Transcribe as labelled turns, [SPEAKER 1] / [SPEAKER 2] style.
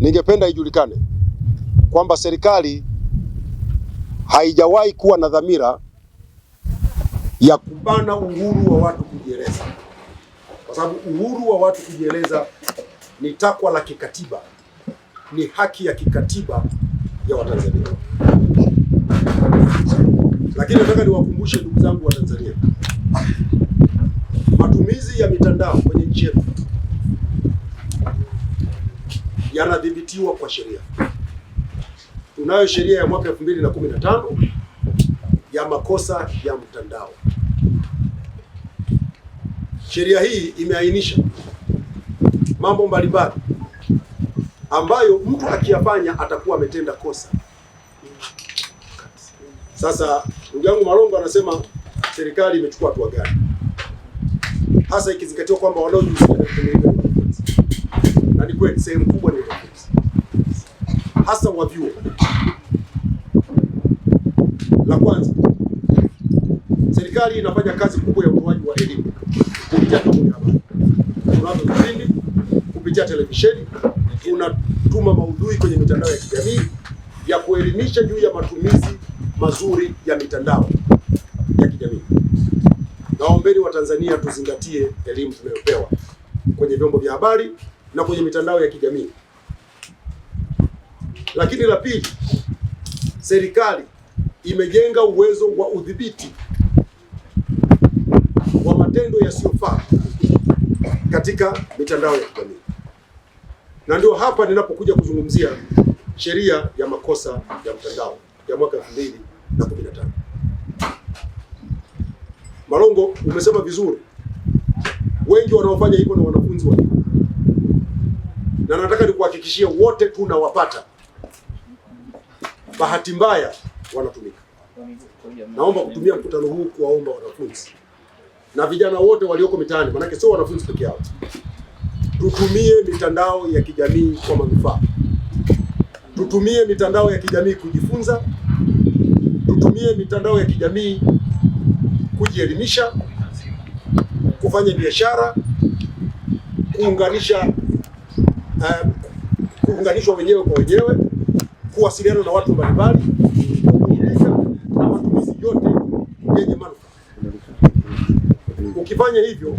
[SPEAKER 1] ningependa ijulikane kwamba serikali haijawahi kuwa na dhamira ya kubana uhuru wa watu kujieleza, kwa sababu uhuru wa watu kujieleza ni takwa la kikatiba, ni haki ya kikatiba ya Watanzania. Lakini nataka niwakumbushe ndugu zangu wa Tanzania, matumizi ya mitandao kwenye nchi yetu yanadhibitiwa kwa sheria. Tunayo sheria ya mwaka 2015 ya makosa ya mtandao. Sheria hii imeainisha mambo mbalimbali ambayo mtu akiyafanya atakuwa ametenda kosa. Sasa ndugu yangu Malongo anasema serikali imechukua hatua gani hasa, ikizingatiwa kwamba wanaojuhusika kweli sehemu kubwa ni wanafunzi, hasa wa vyuo. La kwanza, serikali inafanya kazi kubwa ya utoaji wa elimu kupitia vyombo vya habari. vipindi kupitia televisheni, tunatuma maudhui kwenye mitandao ya kijamii ya kuelimisha juu ya matumizi mazuri ya mitandao ya kijamii. Naombeni Watanzania tuzingatie elimu tunayopewa kwenye vyombo vya habari na kwenye mitandao ya kijamii. Lakini la pili, serikali imejenga uwezo wa udhibiti wa matendo yasiyofaa katika mitandao ya kijamii, na ndio hapa ninapokuja kuzungumzia sheria ya makosa ya mtandao ya mwaka 2015. Malongo, umesema vizuri, wengi wanaofanya hivyo ni wanafunzi wa na nataka nikuhakikishie wote tunawapata. Bahati mbaya wanatumika. Naomba kutumia mkutano huu kuwaomba wanafunzi na vijana wote walioko mitaani, manake sio wanafunzi peke yao, tutumie mitandao ya kijamii kwa manufaa. Tutumie mitandao ya kijamii kujifunza, tutumie mitandao ya kijamii kujielimisha, kufanya biashara, kuunganisha uh, kuunganishwa wenyewe kwa wenyewe, kuwasiliana na watu mbalimbali, kuburudika na matumizi yote yenye manufaa. Ukifanya hivyo